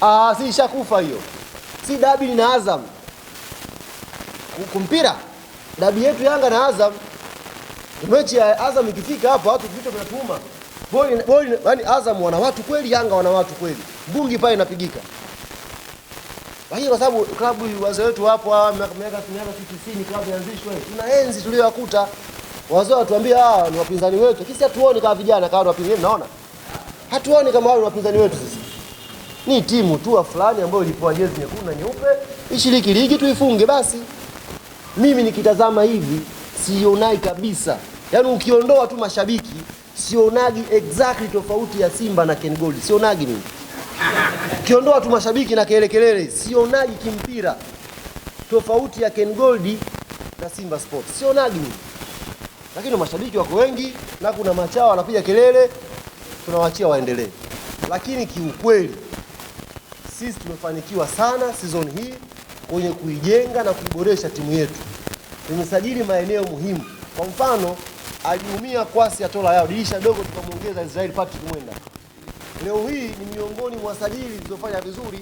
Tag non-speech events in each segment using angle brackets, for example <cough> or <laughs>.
Ah, si ishakufa hiyo, si dabi na Azam kumpira, dabi yetu Yanga na Azam. Mechi ya Azam ikifika hapo watu vitu vinatuma. boli boli, yani Azam wana watu kweli, Yanga wana watu kweli, mbungi pale inapigika. Kwa hiyo kwa sababu klabu wazee wetu hapo miaka miaka 90 klabu yanzishwe, enzi tuliyokuta wazee watuambia, ah ni wapinzani wetu. Sisi hatuoni kama vijana kama wapinzani, naona hatuoni kama wao ni wapinzani wetu sisi ni timu tu fulani ambayo ilipoa jezi nyekundu na nyeupe ishiriki ligi tuifunge basi. Mimi nikitazama hivi sionai kabisa, yaani ukiondoa tu mashabiki sionagi exactly tofauti ya Simba na Ken Gold, sionagi mimi. Ukiondoa tu mashabiki na kelekelele, sionagi kimpira tofauti ya Ken Gold na Simba Sports, sionagi mimi. Lakini mashabiki wako wengi na kuna machao wanapiga kelele, tunawaachia waendelee, lakini kiukweli sisi tumefanikiwa sana season hii kwenye kuijenga na kuiboresha timu yetu. Tumesajili maeneo muhimu, kwa mfano aliumia kwasi atola yao dirisha dogo, tukamwongeza Israel Patrick Mwenda. Leo hii ni miongoni mwa sajili zilizofanya vizuri.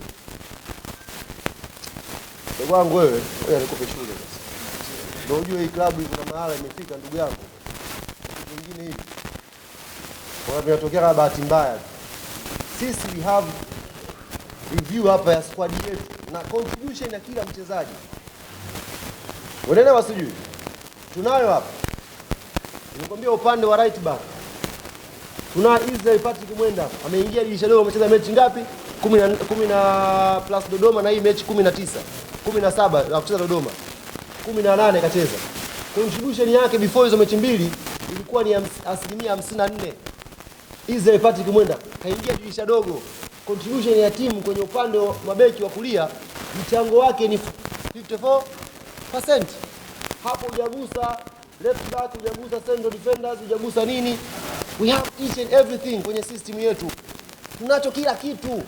Ndugu wangu wewe, wewe alikupe shule sasa, ndio ujue hii klabu iko na mahala imefika. Ndugu yangu, vingine hivi kwa vinatokea bahati mbaya. Sisi we have review hapa ya squad yetu na contribution ya kila mchezaji. Unaelewa sijui? Tunayo hapa. Nikwambia upande wa right back. Tuna Israel Patrick Mwenda ameingia dirisha dogo amecheza mechi ngapi? 10 10 plus Dodoma na hii mechi 19. 17 na kucheza Dodoma. 18 kacheza. Contribution yake before hizo mechi mbili ilikuwa ni asilimia 54. Israel Patrick Mwenda kaingia dirisha dogo contribution ya timu kwenye upande wa beki wa kulia, mchango wake ni 54%. Hapo hujagusa left back, hujagusa central defenders, hujagusa nini. We have each and everything kwenye system yetu, tunacho kila kitu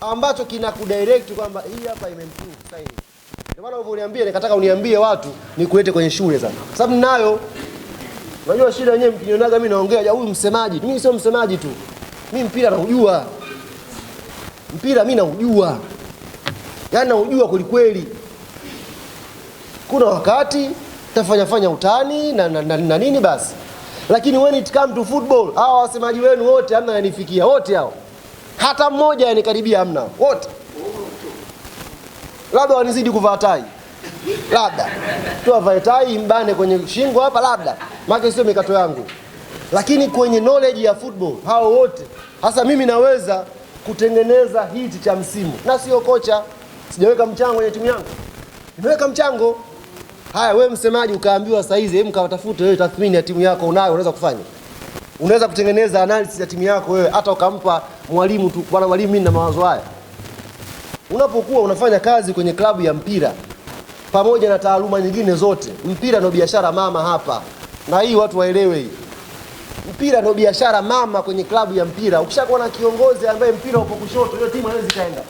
ambacho kina kudirect kwamba hii hapa imemprove sasa hivi. Ndio maana ulivyoniambia nikataka uniambie watu nikulete kwenye shule sana, kwa sababu ninayo. Unajua shida yenyewe mkinionaga mimi naongea, huyu msemaji. Mimi sio msemaji tu, mimi mpira naujua mpira mi naujua, yaani naujua kwelikweli. Kuna wakati tafanyafanya utani na, na, na, na nini basi, lakini when it come to football, hawa wasemaji wenu wote amna yanifikia wote hao, hata mmoja yanikaribia amna wote, labda wanizidi kuvaa tai labda tu avae tai mbane kwenye shingo hapa, labda maana sio mikato yangu, lakini kwenye knowledge ya football hao wote. hasa mimi naweza kutengeneza hichi cha msimu, na sio kocha. Sijaweka mchango kwenye timu yangu, nimeweka mchango. Haya, wewe msemaji ukaambiwa saa hizi, hebu kawatafute wewe tathmini ya timu yako, unayo, unaweza kufanya, unaweza kutengeneza analysis ya timu yako wewe, hata ukampa mwalimu tu, bwana mwalimu, mimi na mawazo haya. Unapokuwa unafanya kazi kwenye klabu ya mpira pamoja na taaluma nyingine zote, mpira ndio biashara mama hapa, na hii watu waelewe hii mpira ndio biashara mama kwenye klabu ya mpira. Ukishakuwa na kiongozi ambaye mpira uko kushoto, hiyo timu haiwezi kaenda.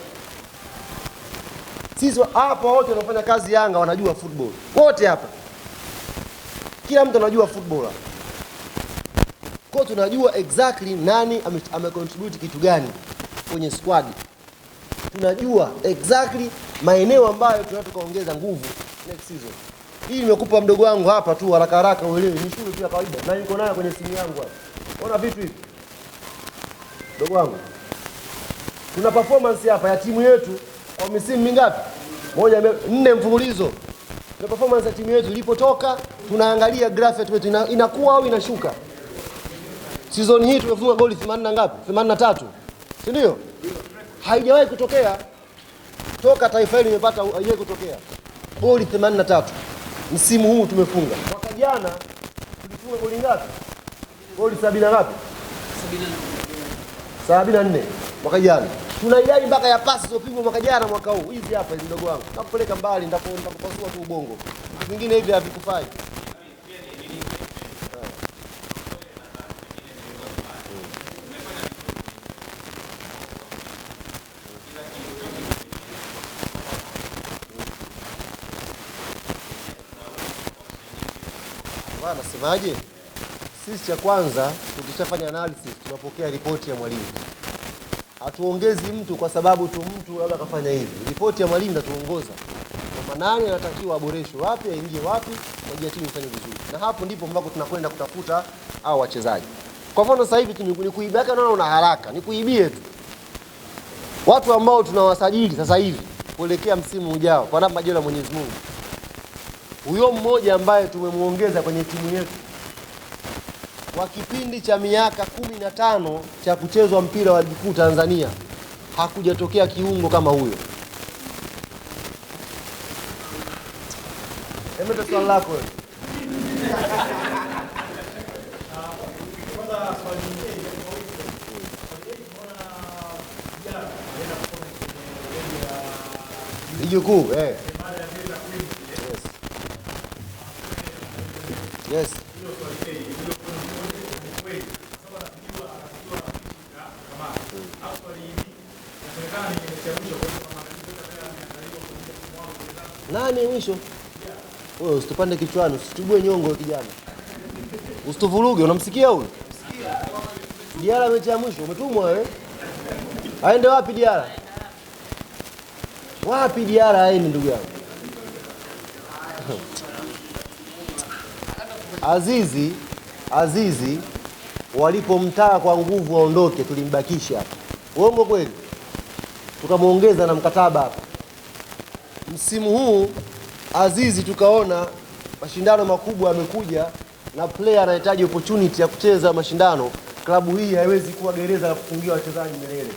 Sisi hapa wote wanaofanya kazi Yanga wanajua football, wote hapa, kila mtu anajua football kwa tunajua exactly nani amecontribute kitu gani kwenye squad, tunajua exactly maeneo ambayo tunataka kuongeza nguvu next season. Hii nimekupa mdogo wangu hapa tu haraka haraka uelewe. Ni shule tu ya kawaida na niko nayo kwenye simu yangu hapa. Ona vitu hivi. Mdogo wangu. Tuna performance hapa ya timu yetu kwa misimu mingapi? Moja nne mfululizo. Tuna performance ya timu yetu ilipotoka, tunaangalia graph yetu ina, inakuwa au inashuka. Season hii tumefunga goli 80 ngapi? 83. Si ndio? Haijawahi kutokea toka taifa hili limepata, haijawahi kutokea goli 83 msimu huu tumefunga. Mwaka jana tulifunga goli ngapi? Goli sabini na ngapi? sabini na nne mwaka jana. Tuna idadi mpaka ya pasi zilizopigwa mwaka jana, mwaka huu. Hizi hapa hizi, mdogo wangu, nakupeleka mbali, nitakupasua tu ubongo. vingine hivi havikufai. Bwana nasemaje? Sisi cha kwanza tukishafanya analysis tunapokea ripoti ya mwalimu. Hatuongezi mtu kwa sababu tu mtu labda akafanya hivi. Ripoti ya mwalimu inatuongoza kwamba nani anatakiwa aboreshwe wapi, aingie wapi kwa ajili ya timu ifanye vizuri, na hapo ndipo ambako tunakwenda kutafuta au wachezaji. Kwa mfano sasa hivi kuibaka, naona una haraka, nikuibie tu watu ambao tunawasajili sasa hivi kuelekea msimu ujao, kwa namna jela Mwenyezi Mungu huyo mmoja ambaye tumemwongeza kwenye timu yetu kwa kipindi cha miaka kumi na tano cha kuchezwa mpira wa ligi kuu Tanzania hakujatokea kiungo kama huyo. Hebu swali lako ligi kuu eh. Yes. Nani mwisho? Wewe usitupande kichwani, usitubue nyongo kijana. Usituvuruge, unamsikia huyu? Diara mechi ya mwisho umetumwa wewe. Aende wapi Diara? Wapi Diara aende ndugu yangu? <laughs> Azizi Azizi walipomtaka kwa nguvu waondoke tulimbakisha Uongo kweli? Tukamwongeza na mkataba hapa. Msimu huu Azizi tukaona mashindano makubwa yamekuja, na player anahitaji opportunity ya kucheza mashindano. Klabu hii haiwezi kuwa gereza la kufungia wachezaji milele.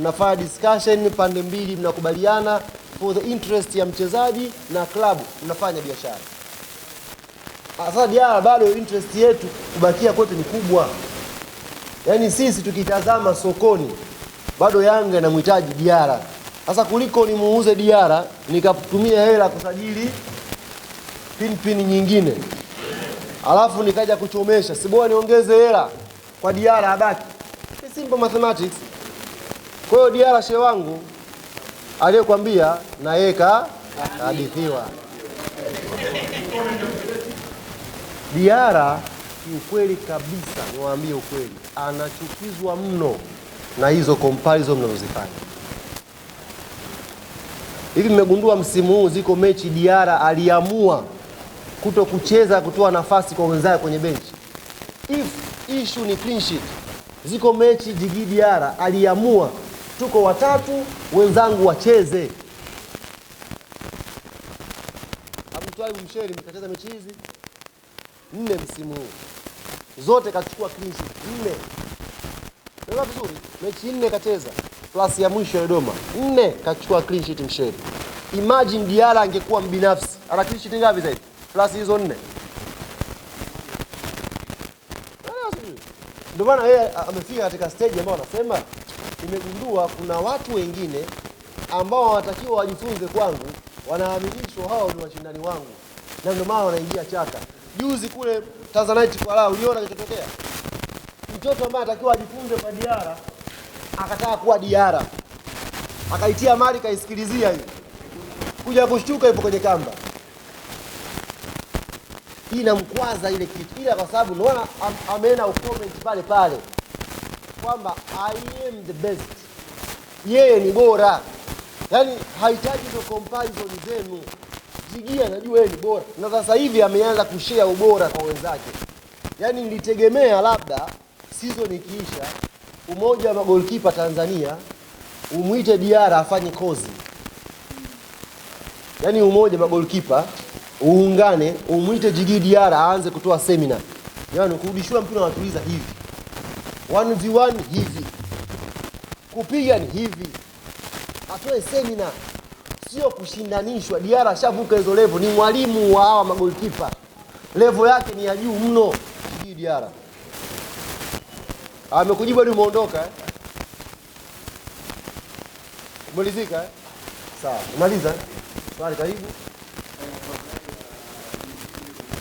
Mnafanya discussion, pande mbili mnakubaliana for the interest ya mchezaji na klabu, mnafanya biashara. Sasa Diara bado interest yetu kubakia kwetu ni kubwa, yaani sisi tukitazama sokoni bado Yanga inamhitaji Diara. Sasa kuliko nimuuze Diara nikatumia hela kusajili pinpin nyingine alafu nikaja kuchomesha, si bora niongeze hela kwa Diara abaki? ni Simple mathematics. Kwa hiyo Diara, shehe wangu aliyekwambia na yeye kahadithiwa Diara kiukweli kabisa, niwaambie ukweli, anachukizwa mno na hizo comparison mnazozifanya. Hivi mmegundua msimu huu ziko mechi Diara aliamua kuto kucheza, kutoa nafasi kwa wenzake kwenye benchi. If issue ni clean sheet, ziko mechi Jigi Diara aliamua tuko watatu, wenzangu wacheze. Hamtwai msheri mkacheza mechi hizi nne msimu huu, zote kachukua clean sheet nne. Unaona vizuri, mechi nne kacheza plus ya mwisho ya Dodoma nne, kachukua clean sheet msheri. Imagine Diala angekuwa mbinafsi, ana clean sheet ngapi zaidi plus hizo nne? Ndio maana yeye amefika katika stage ambayo anasema imegundua kuna watu wengine ambao wanatakiwa wajifunze kwangu, wanaaminishwa hao ni washindani wangu, na ndio maana wanaingia chaka. Juzi kule Tanzanite kwa la uliona kilichotokea, mtoto ambaye anatakiwa ajifunze kwa diara akataka kuwa diara, akaitia mali kaisikilizia hiyo, kuja kushtuka ipo kwenye kamba. Hii inamkwaza ile kitu, ila kwa sababu naona am, ameenda ucomment pale pale kwamba I am the best, yeye ni bora, yani hahitaji hizo comparison zenu. Zigia najua yeye ni bora, na sasa hivi ameanza kushea ubora kwa wenzake. Yaani nilitegemea labda season ikiisha, umoja wa magolikipa Tanzania umwite Diara afanye kozi, yaani umoja wa magolikipa uungane, umwite Jigi Diara aanze kutoa semina, yaani kurudishiwa mpira unatuliza hivi, 1v1 hivi, kupiga ni hivi, atoe semina sio kushindanishwa. Diara ashavuka hizo levo, ni mwalimu wa hawa magolikipa, levo yake ni ya juu mno. Sijui Diara ah, amekujibu hadi umeondoka eh? Umelizika eh? Sawa, umaliza swali, karibu.